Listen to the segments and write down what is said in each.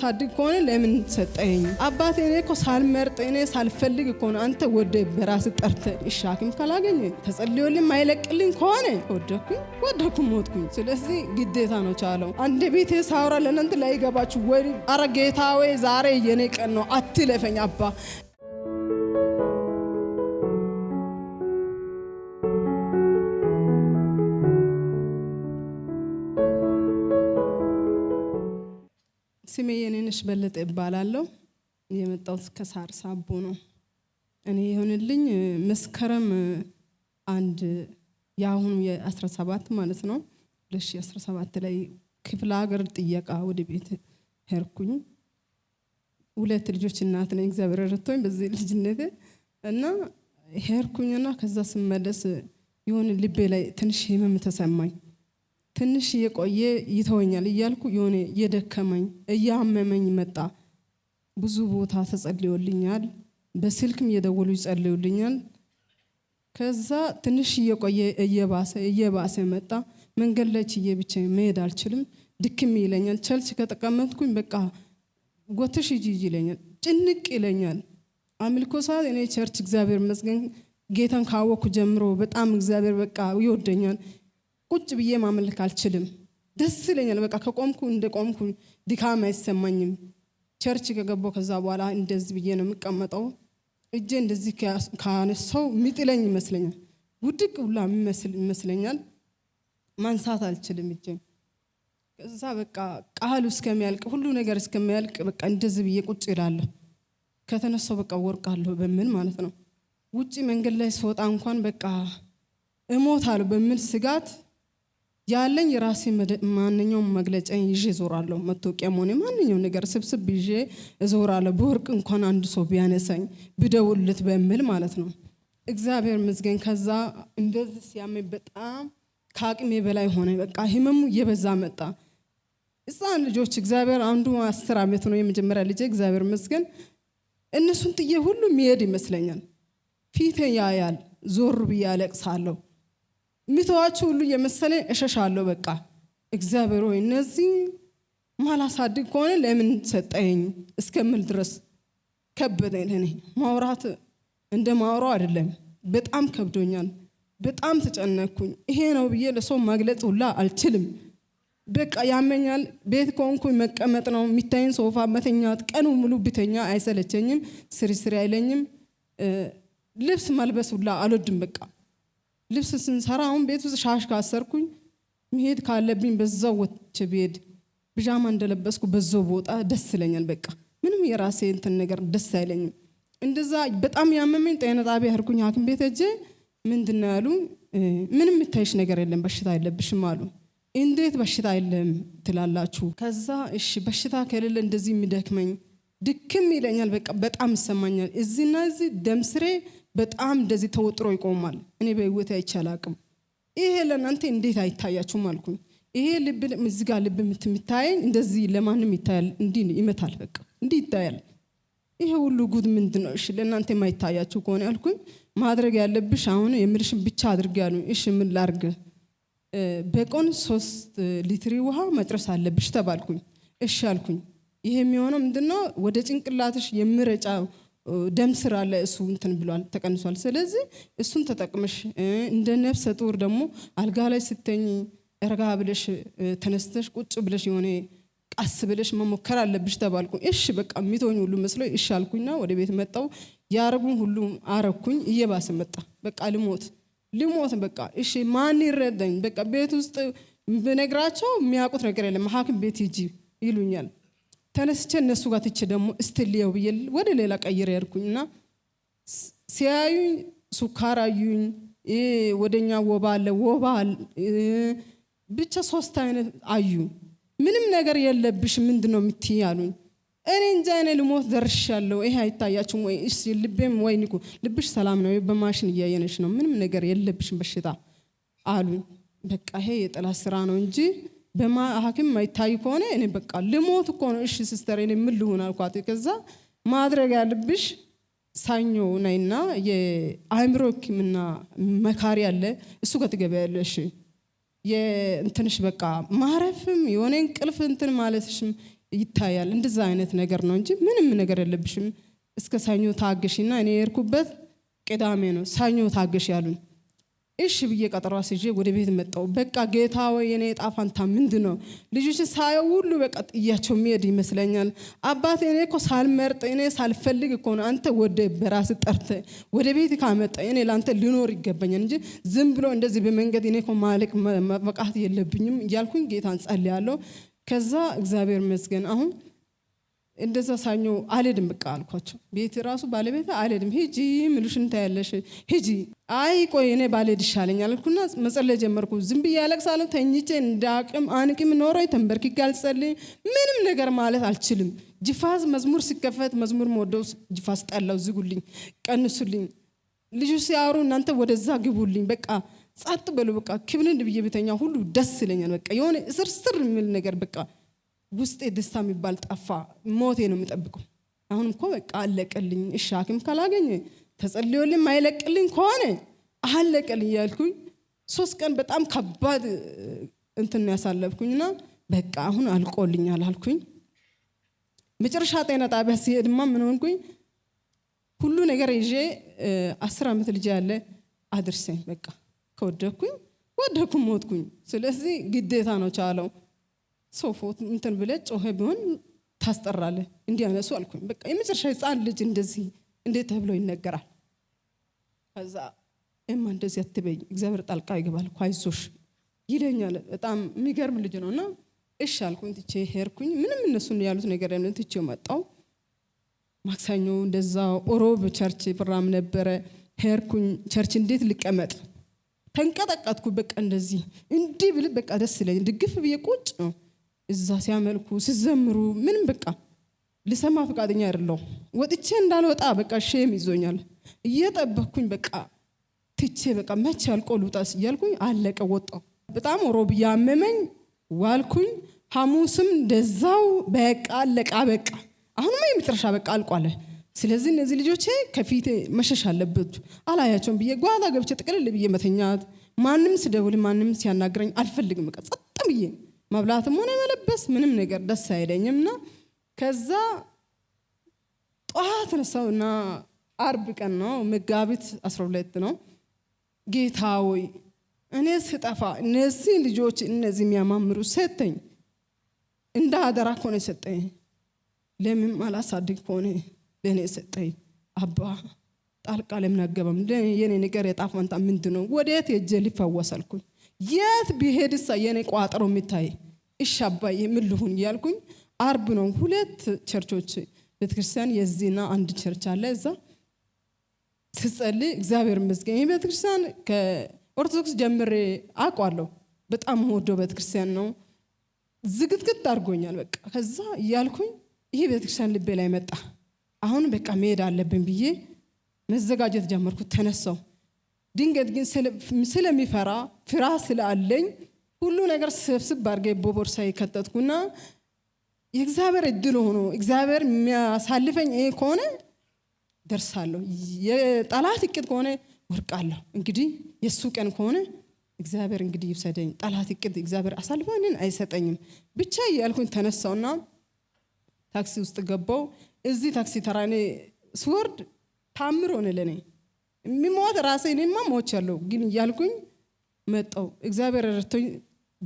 ሳድግ ከሆነ ለምን ሰጠኝ አባቴ? እኔ እኮ ሳልመርጥ እኔ ሳልፈልግ እኮ ነው አንተ ወደ በራስ ጠርተ ይሻክም ካላገኘ ተጸልዮልኝ ማይለቅልኝ ከሆነ ወደኩኝ ወደኩ ሞትኩኝ። ስለዚህ ግዴታ ነው ቻለው አንድ ቤቴ ሳውራ ለእናንተ ላይገባችሁ ወይ አረ ጌታ ወይ ዛሬ የኔ ቀን ነው አትለፈኝ አባ አየሽ በለጠ ይባላለሁ። የመጣሁት ከሳር ሳቦ ነው። እኔ የሆንልኝ መስከረም አንድ የአሁኑ የ ማለት ነው 2017 ላይ ክፍለ ሀገር ጥየቃ ወደ ቤት ሄርኩኝ። ሁለት ልጆች እናት ነኝ። እግዚአብሔር ረድቶኝ በዚህ ልጅነት እና ሄርኩኝና ከዛ ስመለስ የሆነ ልቤ ላይ ትንሽ ህመም ተሰማኝ። ትንሽ የቆየ ይተወኛል እያልኩ የሆነ እየደከመኝ እያመመኝ መጣ። ብዙ ቦታ ተጸልዮልኛል፣ በስልክም እየደወሉ ይጸልዩልኛል። ከዛ ትንሽ እየቆየ እየባሰ እየባሰ መጣ። መንገድ ላይ ችዬ ብቻ መሄድ አልችልም፣ ድክም ይለኛል። ቸልች ከተቀመጥኩኝ በቃ ጎትሽ ሂጂ ይለኛል፣ ጭንቅ ይለኛል። አምልኮ ሰዓት እኔ ቸርች እግዚአብሔር ይመስገን ጌታን ካወቅኩ ጀምሮ በጣም እግዚአብሔር በቃ ይወደኛል። ቁጭ ብዬ ማምለክ አልችልም። ደስ ይለኛል። በቃ ከቆምኩ እንደ ቆምኩ ድካም አይሰማኝም። ቸርች ከገባው ከዛ በኋላ እንደዚህ ብዬ ነው የምቀመጠው። እጄ እንደዚህ ካነሳው ሚጥለኝ ይመስለኛል። ውድቅ ሁላ ይመስለኛል። ማንሳት አልችልም እጄን። ከዛ በቃ ቃሉ እስከሚያልቅ ሁሉ ነገር እስከሚያልቅ በቃ እንደዚህ ብዬ ቁጭ ይላለሁ። ከተነሳው በቃ ወርቃለሁ በምን ማለት ነው። ውጭ መንገድ ላይ ስወጣ እንኳን በቃ አለሁ በምን ስጋት ያለኝ የራሴ ማንኛውም መግለጫ ይዤ እዞራለሁ። መታወቂያ መሆኔ ማንኛውም ነገር ስብስብ ይዤ እዞራለሁ። በወርቅ እንኳን አንድ ሰው ቢያነሳኝ ብደውልት በምል ማለት ነው። እግዚአብሔር ይመስገን። ከዛ እንደዚህ ሲያመኝ በጣም ከአቅሜ በላይ ሆነ። በቃ ህመሙ እየበዛ መጣ። ህፃን ልጆች እግዚአብሔር አንዱ አስር ዓመት ነው የመጀመሪያ ልጄ፣ እግዚአብሔር ይመስገን። እነሱን ጥዬ ሁሉ ሚሄድ ይመስለኛል። ፊቴ ያያል፣ ዞር ብዬ አለቅሳለሁ። የሚተዋችሁ ሁሉ እየመሰለኝ እሸሻለሁ። በቃ እግዚአብሔር ሆይ እነዚህ ማላሳድግ ከሆነ ለምን ሰጠኝ እስከምል ድረስ ከበደኝ። ለኔ ማውራት እንደ ማውሮ አይደለም። በጣም ከብዶኛል። በጣም ተጨነኩኝ። ይሄ ነው ብዬ ለሰው መግለጽ ሁላ አልችልም። በቃ ያመኛል። ቤት ከሆንኩኝ መቀመጥ ነው የሚታይን፣ ሶፋ መተኛት። ቀኑ ሙሉ ብተኛ አይሰለቸኝም፣ ስሪስሪ አይለኝም። ልብስ መልበስ ሁላ አልወድም በቃ ልብስ ስንሰራ አሁን ቤት ውስጥ ሻሽ ካሰርኩኝ መሄድ ካለብኝ በዛው ወጥቼ ብሄድ ብዣማ እንደለበስኩ በዛው ቦጣ ደስ ይለኛል። በቃ ምንም የራሴ እንትን ነገር ደስ አይለኝም። እንደዛ በጣም ያመመኝ ጤና ጣቢያ ሄድኩኝ። ሐኪም ቤት ሄጄ ምንድን ነው ያሉ፣ ምንም የምታይሽ ነገር የለም በሽታ የለብሽም አሉ። እንዴት በሽታ የለም ትላላችሁ? ከዛ እሺ በሽታ ከሌለ እንደዚህ የሚደክመኝ ድክም ይለኛል። በቃ በጣም ይሰማኛል። እዚህና እዚህ ደምስሬ በጣም እንደዚህ ተወጥሮ ይቆማል። እኔ በህይወት አይቻል አቅም ይሄ ለእናንተ እንዴት አይታያችሁም አልኩኝ። ይሄ ልብ እዚህ ጋር ልብ የምትታየኝ እንደዚህ ለማንም ይታያል፣ እንዲህ ይመታል፣ በቃ እንዲህ ይታያል። ይሄ ሁሉ ጉድ ምንድን ነው? እሺ ለእናንተ የማይታያችሁ ከሆነ ያልኩኝ፣ ማድረግ ያለብሽ አሁን የምልሽን ብቻ አድርግ ያሉኝ። እሺ ምን ላርግ? በቀን ሶስት ሊትሪ ውሃ መጥረስ አለብሽ ተባልኩኝ። እሺ አልኩኝ። ይሄ የሚሆነው ምንድን ነው? ወደ ጭንቅላትሽ የምረጫ ደም ስር አለ እሱ እንትን ብሏል ተቀንሷል። ስለዚህ እሱን ተጠቅመሽ እንደ ነፍሰ ጡር ደግሞ አልጋ ላይ ስተኝ ረጋ ብለሽ ተነስተሽ ቁጭ ብለሽ የሆነ ቃስ ብለሽ መሞከር አለብሽ ተባልኩኝ። እሺ በቃ የሚትሆኝ ሁሉ መስሎ እሺ አልኩኝና ወደ ቤት መጣው። ያረጉን ሁሉ አረኩኝ። እየባሰ መጣ። በቃ ልሞት ልሞት በቃ እሺ ማን ይረዳኝ? በቃ ቤት ውስጥ ብነግራቸው የሚያውቁት ነገር የለም። ሐኪም ቤት ሂጂ ይሉኛል። ተነስቼ እነሱ ጋር ትቼ ደግሞ እስትልየው ብዬ ወደ ሌላ ቀይር ያድኩኝና ሲያዩኝ ሱካር አዩኝ። ወደኛ ወባ አለ ወባ ብቻ ሶስት አይነት አዩ። ምንም ነገር የለብሽ ምንድን ነው የምትይ አሉኝ። እኔ እንጃ እኔ ልሞት ደርሻለሁ። ይሄ አይታያችሁም ወይ? እሺ ልቤም ወይ ንኩ ልብሽ ሰላም ነው በማሽን እያየነች ነው ምንም ነገር የለብሽም በሽታ አሉኝ። በቃ ይሄ የጠላት ስራ ነው እንጂ በሐኪም ማይታይ ከሆነ እኔ በቃ ልሞት እኮ ነው። እሺ ሲስተር እኔ ምን ልሁን አልኳት። ከዛ ማድረግ ያለብሽ ሳኞ ነይና የአእምሮ ሕክምና መካሪ አለ እሱ ጋር ትገቢያለሽ። እንትንሽ በቃ ማረፍም የሆነ እንቅልፍ እንትን ማለትሽም ይታያል። እንደዛ አይነት ነገር ነው እንጂ ምንም ነገር የለብሽም። እስከ ሳኞ ታገሽና እኔ የርኩበት ቅዳሜ ነው። ሳኞ ታገሽ ያሉን እሺ ብዬ ቀጠሮ አስይዤ ወደ ቤት መጣሁ። በቃ ጌታ ወይ የኔ ዕጣ ፈንታ ምንድን ነው? ልጆች ሳየው ሁሉ በቃ ጥያቸው የሚሄድ ይመስለኛል። አባት እኔ እኮ ሳልመርጥ እኔ ሳልፈልግ እኮ ነው አንተ ወደ በራስ ጠርተ ወደ ቤት ካመጣ እኔ ለአንተ ልኖር ይገባኛል እንጂ ዝም ብሎ እንደዚህ በመንገድ እኔ እኮ ማለቅ መብቃት የለብኝም እያልኩኝ ጌታን ጸልያለሁ። ከዛ እግዚአብሔር ይመስገን አሁን እንደዛ ሳኞ አልሄድም፣ በቃ አልኳቸው። ቤት ራሱ ባለቤት አልሄድም፣ ሂጂ ምሉሽ እንታያለሽ፣ ሂጂ። አይ ቆይ እኔ ባልሄድ ይሻለኛል አልኩና መጸለ ጀመርኩ። ዝም ብዬ አለቅሳለሁ፣ ተኝቼ እንዳቅም አንቅም ኖሮ ተንበርክጌ አልጸልይም፣ ምንም ነገር ማለት አልችልም። ጅፋዝ መዝሙር ሲከፈት መዝሙር መወደው ጅፋዝ ጠላው፣ ዝጉልኝ፣ ቀንሱልኝ፣ ልጁ ሲያወሩ እናንተ ወደዛ ግቡልኝ፣ በቃ ጸጥ በሉ፣ በቃ ክብልን ብዬ ብተኛ ሁሉ ደስ ይለኛል። በቃ የሆነ እስርስር የሚል ነገር በቃ ውስጤ ደስታ የሚባል ጠፋ። ሞቴ ነው የሚጠብቀው አሁን እኮ በቃ አለቀልኝ። እሺ ሐኪም ካላገኘ ተጸልዮልኝ አይለቅልኝ ከሆነ አለቀልኝ ያልኩኝ ሶስት ቀን በጣም ከባድ እንትን ያሳለፍኩኝና በቃ አሁን አልቆልኛል አልኩኝ። መጨረሻ ጤና ጣቢያ ሲሄድማ ምን ሆንኩኝ? ሁሉ ነገር ይዤ አስር ዓመት ልጅ ያለ አድርሰኝ በቃ ከወደኩኝ ወደኩ ሞትኩኝ። ስለዚህ ግዴታ ነው ቻለው ሶፎት እንትን ብለ ጮኸ ቢሆን ታስጠራለ እንዲያነሱ አልኩኝ። በቃ የመጨረሻ ህፃን ልጅ እንደዚህ እንዴት ተብሎ ይነገራል? ከዛ እማ እንደዚህ አትበይ፣ እግዚአብሔር ጣልቃ ይገባል እኮ አይዞሽ ይለኛል። በጣም የሚገርም ልጅ ነው እና እሺ አልኩኝ። ትቼ ሄድኩኝ። ምንም እነሱ ያሉት ነገር ያለ ትቼ መጣው። ማክሰኞ እንደዛ ኦሮብ ቸርች ብራም ነበረ ሄድኩኝ። ቸርች እንዴት ልቀመጥ ተንቀጠቀጥኩ። በቃ እንደዚህ እንዲህ ብል በቃ ደስ ይለኝ። ድግፍ ብዬ ቁጭ ነው እዛ ሲያመልኩ ሲዘምሩ ምንም በቃ ልሰማ ፈቃደኛ አይደለሁ። ወጥቼ እንዳልወጣ በቃ ሼም ይዞኛል። እየጠበኩኝ በቃ ትቼ በቃ መቼ አልቆ ልውጣ እያልኩኝ አለቀ ወጣው በጣም ሮብ ያመመኝ ዋልኩኝ። ሐሙስም እንደዛው በቃ አለቃ በቃ አሁንማ የመጨረሻ በቃ አልቋለ። ስለዚህ እነዚህ ልጆቼ ከፊት መሸሽ አለበት አላያቸውም ብዬ ጓዳ ገብቼ ጥቅልል ብዬ መተኛት። ማንም ስደውል ማንም ሲያናግረኝ አልፈልግም። በቃ ጸጥ ብዬ መብላትም ሆነ መለበስ ምንም ነገር ደስ አይለኝም እና ከዛ ጠዋት ነሳው እና አርብ ቀን ነው መጋቢት 12 ነው። ጌታ ወይ እኔ ስጠፋ እነዚህ ልጆች እነዚህ የሚያማምሩ ሰጠኝ እንደ አደራ ከሆነ ሰጠኝ። ለምን አላሳድግ ከሆነ ለእኔ ሰጠኝ። አባ ጣልቃ ለምን አገባም የኔ ነገር የጣፋንታ ምንድን ነው? ወዴት ሄጄ ሊፈወስ የት ብሄድሳ የኔ ቋጠሮ የሚታይ እሺ አባዬ እያልኩኝ አርብ ነው ሁለት ቸርቾች ቤተክርስቲያን የዚህና አንድ ቸርች አለ እዛ ስጸልይ እግዚአብሔር ይመስገን ቤተክርስቲያን ከኦርቶዶክስ ጀምሬ አውቋለሁ በጣም ወዶ ቤተክርስቲያን ነው ዝግትግት አድርጎኛል በቃ ከዛ እያልኩኝ ይህ ቤተክርስቲያን ልቤ ላይ መጣ አሁን በቃ መሄድ አለብን ብዬ መዘጋጀት ጀመርኩት ተነሳው ድንገት ግን ስለሚፈራ ፍራ ስላለኝ ሁሉ ነገር ስብስብ አድርጌ በቦርሳ ይከተትኩና የእግዚአብሔር እድል ሆኖ እግዚአብሔር የሚያሳልፈኝ ይሄ ከሆነ ደርሳለሁ፣ የጠላት እቅድ ከሆነ ወርቃለሁ። እንግዲህ የእሱ ቀን ከሆነ እግዚአብሔር እንግዲህ ይውሰደኝ። ጠላት እቅድ እግዚአብሔር አሳልፎ እኔን አይሰጠኝም ብቻ ያልኩኝ ተነሳውና ታክሲ ውስጥ ገባው። እዚህ ታክሲ ተራ እኔ ስወርድ ታምር ሆነ የሚሞት ራሴ እኔማ ሞቻለሁ፣ ግን እያልኩኝ መጣው። እግዚአብሔር ረድቶኝ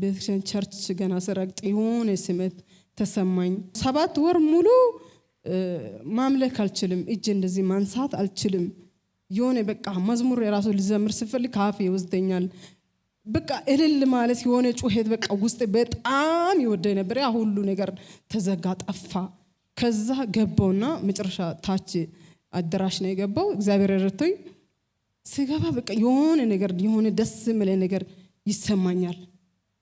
ቤተክርስቲያን ቸርች ገና ስረግጥ የሆነ ስሜት ተሰማኝ። ሰባት ወር ሙሉ ማምለክ አልችልም፣ እጅ እንደዚህ ማንሳት አልችልም። የሆነ በቃ መዝሙር የራሱ ልዘምር ስፈልግ አፍ ይወስደኛል። በቃ እልል ማለት የሆነ ጩኸት በቃ ውስጥ በጣም ይወደኝ ነበር። ያ ሁሉ ነገር ተዘጋ፣ ጠፋ። ከዛ ገባውና መጨረሻ ታች አዳራሽ ነው የገባው እግዚአብሔር ረድቶኝ ስገባ በቃ የሆነ ነገር የሆነ ደስ ምለ ነገር ይሰማኛል።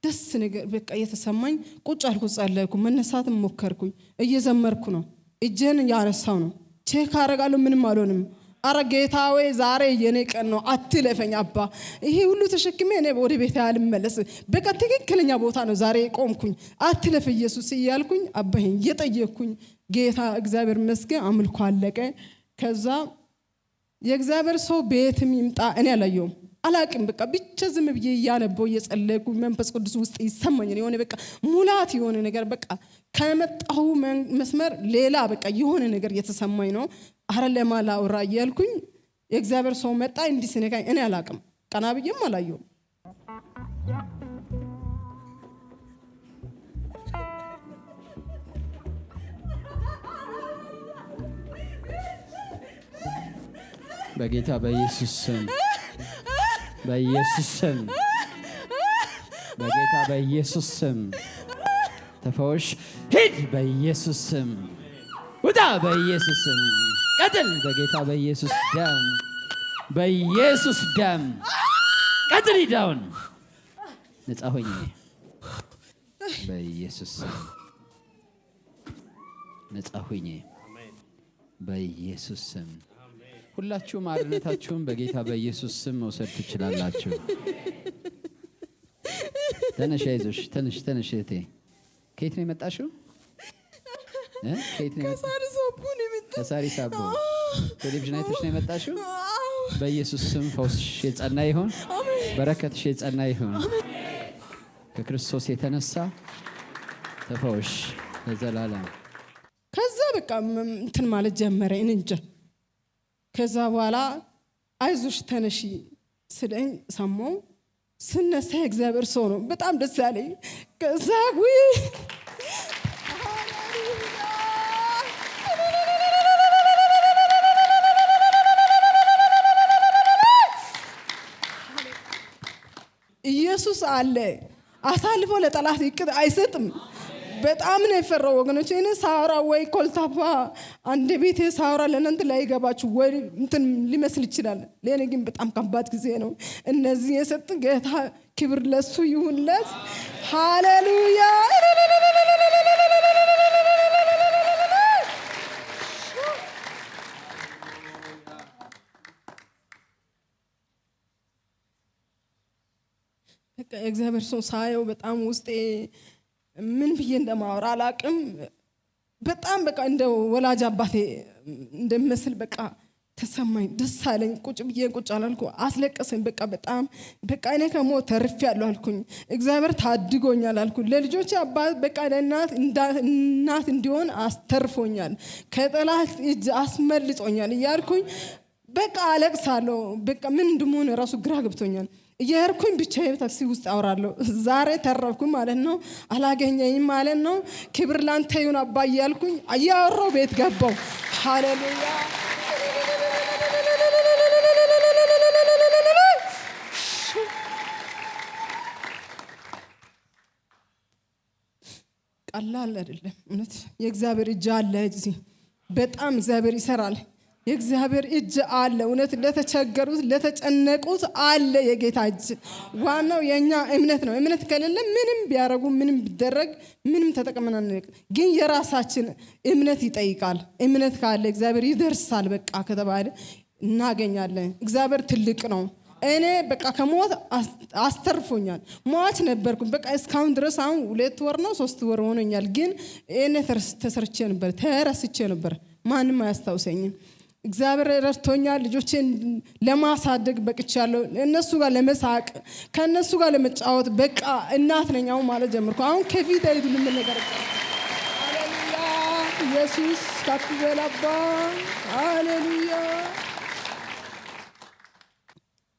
ደስ ነገር በቃ እየተሰማኝ ቁጭ አልኩ፣ ጸለይኩ፣ መነሳትም ሞከርኩኝ። እየዘመርኩ ነው። እጄን ያረሳው ነው። ቼክ አረጋለሁ። ምንም አልሆንም። አረ ጌታ ወይ ዛሬ የኔ ቀን ነው፣ አትለፈኝ አባ። ይሄ ሁሉ ተሸክሜ እኔ ወደ ቤት አልመለስ። በቃ ትክክለኛ ቦታ ነው ዛሬ ቆምኩኝ። አትለፍ ኢየሱስ እያልኩኝ አባይን እየጠየቅኩኝ ጌታ እግዚአብሔር ይመስገን አምልኮ አለቀ። ከዛ የእግዚአብሔር ሰው ቤትም ይምጣ። እኔ አላየውም አላቅም። በቃ ብቻ ዝም ብዬ እያነበው እየጸለጉ መንፈስ ቅዱስ ውስጥ ይሰማኝ የሆነ በቃ ሙላት የሆነ ነገር በቃ ከመጣሁ መስመር ሌላ በቃ የሆነ ነገር እየተሰማኝ ነው። አረ ለማላውራ እያልኩኝ የእግዚአብሔር ሰው መጣ። እንዲስነካኝ እኔ አላቅም። ቀና ብዬም አላየውም። Yeah. በጌታ በኢየሱስ ስም በኢየሱስ ስም በጌታ በኢየሱስ ስም ተፈወሽ፣ ሂድ በኢየሱስ ስም ውጣ፣ በኢየሱስ ስም ቀጥል፣ በጌታ በኢየሱስ ደም፣ በኢየሱስ ደም ቀጥል፣ ሂዳውን ነጻ ሆኝ በኢየሱስ ስም ነጻ ሆኜ በኢየሱስ ስም ሁላችሁም አርነታችሁን በጌታ በኢየሱስ ስም መውሰድ ትችላላችሁ። ተነሽ፣ አይዞሽ፣ ተነሽ፣ ተነሽ። እህቴ ከየት ነው የመጣሽው? ከሳሪ አቦ ቴሌቪዥን አይተሽ ነው የመጣሽው? በኢየሱስ ስም ፈውስሽ የጸና ይሆን፣ በረከትሽ የጸና ይሆን። ከክርስቶስ የተነሳ ተፈውሽ ለዘላለም። ከዛ በቃ እንትን ማለት ጀመረ እንጃ ከዛ በኋላ አይዞሽ ተነሺ ስለኝ ሰማው። ስነሳ እግዚአብሔር ሰው ነው። በጣም ደስ ያለኝ። ከዛ ኢየሱስ አለ። አሳልፎ ለጠላት ይቅድ አይሰጥም። በጣም ነው የፈራው ወገኖች። እኔ ሳራ ወይ ኮልታፋ አንድ ቤት ሳወራ ለእናንተ ላይገባችሁ ወይ እንትን ሊመስል ይችላል። ለእኔ ግን በጣም ከባድ ጊዜ ነው። እነዚህ የሰጥ ጌታ ክብር ለሱ ይሁንለት። ሃሌሉያ እግዚአብሔር ሰው ሳየው በጣም ውስጤ ምን ብዬ እንደማወራ አላቅም። በጣም በቃ እንደ ወላጅ አባቴ እንደምመስል በቃ ተሰማኝ። ደስ አለኝ። ቁጭ ብዬ ቁጭ አላልኩ። አስለቀሰኝ። በቃ በጣም በቃ እኔ ከሞት ተርፌያለሁ አልኩኝ። እግዚአብሔር ታድጎኛል አልኩ። ለልጆች አባት በቃ ለእናት እናት እንዲሆን አስተርፎኛል፣ ከጠላት እጅ አስመልጦኛል እያልኩኝ በቃ አለቅሳለሁ። በቃ ምን እንደሆነ ራሱ ግራ ገብቶኛል። እየሄድኩኝ ብቻዬን ታክሲ ውስጥ አወራለሁ። ዛሬ ተረፍኩኝ ማለት ነው። አላገኘኝም ማለት ነው። ክብር ላንተ ይሁን አባ እያልኩኝ እያወራሁ ቤት ገባሁ። ሃሌሉያ ቀላል አይደለም። እውነት የእግዚአብሔር እጅ አለ እዚህ። በጣም እግዚአብሔር ይሰራል። የእግዚአብሔር እጅ አለ። እውነት ለተቸገሩት ለተጨነቁት አለ የጌታ እጅ። ዋናው የእኛ እምነት ነው። እምነት ከሌለ ምንም ቢያረጉ ምንም ቢደረግ ምንም ተጠቅመን ግን የራሳችን እምነት ይጠይቃል። እምነት ካለ እግዚአብሔር ይደርሳል በቃ ከተባለ እናገኛለን። እግዚአብሔር ትልቅ ነው። እኔ በቃ ከሞት አስተርፎኛል። ሟች ነበርኩ በቃ እስካሁን ድረስ አሁን ሁለት ወር ነው ሶስት ወር ሆኖኛል። ግን እኔ ተሰርቼ ነበር፣ ተረስቼ ነበር። ማንም አያስታውሰኝም። እግዚአብሔር ረድቶኛል። ልጆቼን ለማሳደግ በቅቻለሁ። እነሱ ጋር ለመሳቅ ከእነሱ ጋር ለመጫወት በቃ እናት ነኝ አሁን ማለት ጀምርኩ። አሁን ከፊት አይዱ ልምነገር አሌሉያ፣ ኢየሱስ ከፍ አሌሉያ።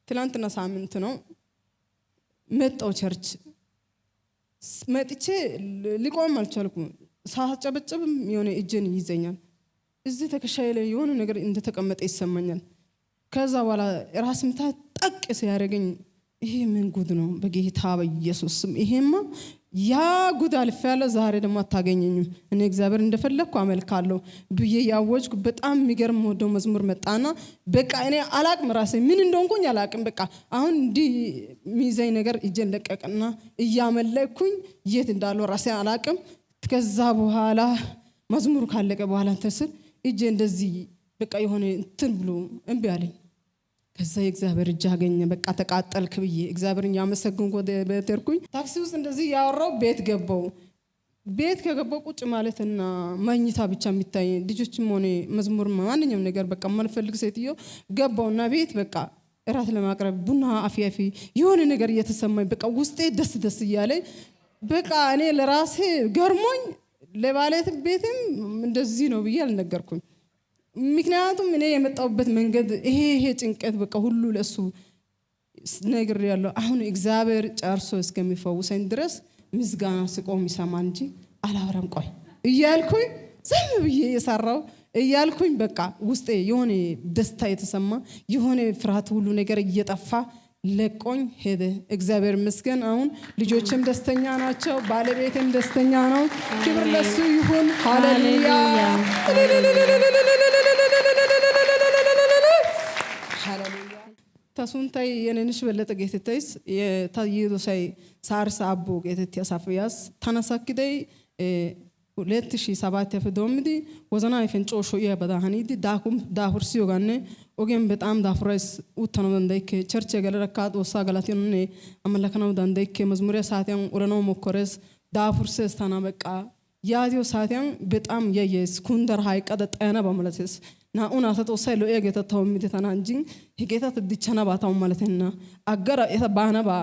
ትላንትና ሳምንት ነው መጣው ቸርች መጥቼ ሊቆም አልቻልኩ ሳጨበጭብም የሆነ እጄን ይዘኛል። እዚህ ትከሻዬ ላይ የሆነ ነገር እንደተቀመጠ ይሰማኛል። ከዛ በኋላ ራስ ምታት ጠቅ ሲያደርገኝ ይሄ ምን ጉድ ነው? በጌታ በኢየሱስም ይሄማ ያ ጉድ አልፍ ያለ ዛሬ ደግሞ አታገኘኝም። እኔ እግዚአብሔር እንደፈለግኩ አመልካለሁ ብዬ ያወጅኩ በጣም የሚገርም ወደ መዝሙር መጣና በቃ እኔ አላቅም፣ ራሴ ምን እንደሆንኩኝ አላቅም። በቃ አሁን እንዲህ ሚዘኝ ነገር እጄን ለቀቅና እያመለኩኝ የት እንዳለው ራሴ አላቅም። ከዛ በኋላ መዝሙር ካለቀ በኋላ ተስል እጄ እንደዚህ በቃ የሆነ እንትን ብሎ እምቢ አለኝ። ከዛ የእግዚአብሔር እጅ አገኘ። በቃ ተቃጠልክ ብዬ እግዚአብሔርን ያመሰግን በተርኩኝ ታክሲ ውስጥ እንደዚህ ያወራው ቤት ገባው። ቤት ከገባው ቁጭ ማለትና መኝታ ብቻ የሚታይ ልጆችም ሆነ መዝሙር ማንኛውም ነገር በቃ የማልፈልግ ሴትዮ ገባውና ቤት በቃ እራት ለማቅረብ ቡና አፊያፊ የሆነ ነገር እየተሰማኝ በቃ ውስጤ ደስ ደስ እያለኝ በቃ እኔ ለራሴ ገርሞኝ ለባለት ቤትም እንደዚህ ነው ብዬ አልነገርኩም። ምክንያቱም እኔ የመጣሁበት መንገድ ይሄ ይሄ ጭንቀት በቃ ሁሉ ለእሱ ነግር ያለው አሁን እግዚአብሔር ጨርሶ እስከሚፈውሰኝ ድረስ ምስጋና ስቆም ይሰማ እንጂ አላብረም ቆይ እያልኩኝ ዝም ብዬ የሰራው እያልኩኝ በቃ ውስጤ የሆነ ደስታ የተሰማ የሆነ ፍርሃት ሁሉ ነገር እየጠፋ ለቆኝ ሄደ። እግዚአብሔር ይመስገን። አሁን ልጆችም ደስተኛ ናቸው፣ ባለቤትም ደስተኛ ነው። ክብር ለሱ ይሁን። ሃሌሉያ ተሱንታይ የኔንሽ በለጠ ጌትተይስ ሳይ ሳርስ አቦ ጌትት ያሳፍያስ ተነሳክደይ 2007'te doommidi wozanaa fencoo sho'iyaabada hanidi daafurssiyoogaanne ogiyan betam daafurays uttanawu dandayikke cherchchiya gelerakka xoossaa galatiyanne amalakanawu dandayikke mezmuriya saatiyan olanawu mokkorees daafurssees tana beqqa yaatiyo saatiyan betam yayyees kundara hayqqada xayanaba malatees naa"u naata xoossay lo"iyaageeta tawu immite tana anjjin hegeeta ta dichchanaba tawu malatenna aggara eta baanaba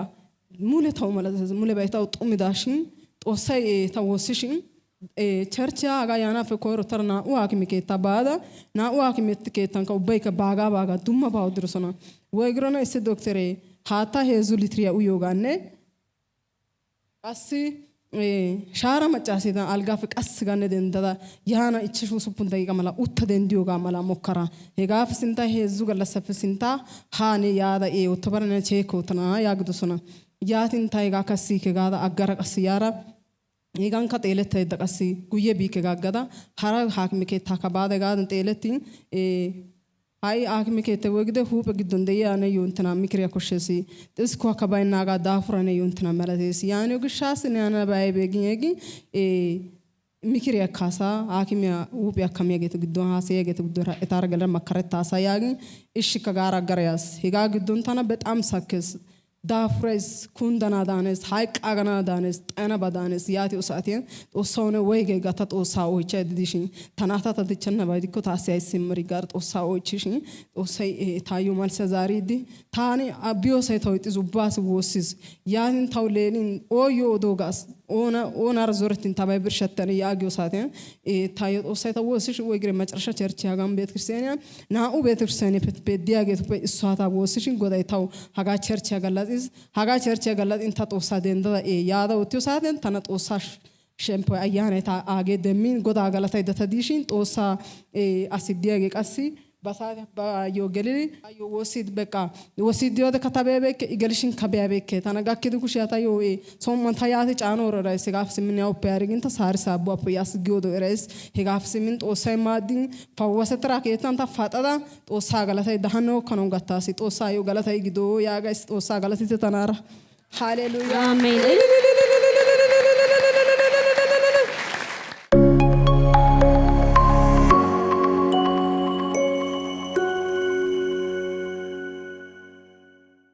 mule tawu malatees mulebay tawu xumidaashin xoossay ta woossishin yana fe na u akimi ke tabada cherchiya hagaa yaanaappe koyrotara naa"u haakime baga baada naa"u haakime keettankka ubbaykka baagaa baagaa dummabaa odidosona. Woygirona issi dokteree haattaa heezzu litiriya uyiyoogaanne qassi da alga fe qassi ganne den da yana yaana ichchashu usuppun daqiiqa mala utta denddiyoogaa mala mokkara hegaappe sinttaa sinta gallassappe sinttaa haane yaada ee ottobarana cheekka oottana yaagidosona. Yaatin ta hegaa kassiike gaada aggara qassi yaara eegaan ka xeeletta edda qassi guyye biikke gaaggada hara haakime keettaa ka baada gaadan xeelettiin ha'i haakime keettay woygide huuphe giddon de'iya neyyo intina mikiriya koshshees xiskkuwaakka baynnaagaa daafura neyyo intina malatees yaaniyo gishshaassi ne hanaba aybee gin eegin mikiriya kaasaa haakimiya huuphiya akkamiyaageetu giddon haasayiyaageetu giddon etaara gelada makarettaasa yaagin ishshikka gaara aggara yaas hegaa giddon tana am sakkees ዳፍረስ ኩንደናዳነስ ሃይቃገናዳነስ ጠነበዳነስ ያትዮ ሰአቴን ጦሳውነ ወይጌጋታ ጦሳ ኦይቻ ድዲሽን ተናታ ተትቸነባይዲኮ ታሲያይ ስምሪ ጋር ጦሳ ኦይችሽን ጦሳይ ታዩ መልሰ ዛሪዲ ታኒ አቢዮሳይ ተውጢዝ ኡባስ ወሲዝ ያትን ታውሌኒን ኦዮ ኦዶጋስ ኦናር ዞረትን ታባይ ብርሸተን ያጊዮ ሰአቴን ታዩ ጦሳይ ተወሲሽ ወይግሬ መጨረሻ ቸርች ያጋም ቤተ ክርስቲያንያ ናኡ ቤተ ክርስቲያን ፔት ቤት ዲያጌቱ እሷታ ወሲሽን ጎዳይታው ሀጋ ቸርች ያገላጽ is hagaa cherchiya galla ta xoossaa dendada yaada uttiyo saatiyan tana xoossaa shemppoy ayyaanay aagee demmin godaa galatayda ta diishin xoossaa asi diyagee qassi ባሳባዮ ገሊ አዮ ወሲድ በቃ ወሲድ ዮደ ከታበበክ ይገልሽን ከበያበክ ተነጋክቱ ኩሽያታዮ ሶማን ታያት ጫኖ ረራይስ ጋፍ ስምን ያው ፒያሪግን ተሳርሳ አቦ አፖ ያስ ጊዮዶ ረይስ ሄጋፍ ስምን ጦሳይ ማዲን ፈወሰ ትራክ የታን ተፋጠዳ ጦሳ ገለታይ ዳህኖ ከኖን ጋታሲ ጦሳ አዮ ገለታይ ግዶ ያጋይስ ጦሳ ገለታይ ተናራ ሃሌሉያ አሜን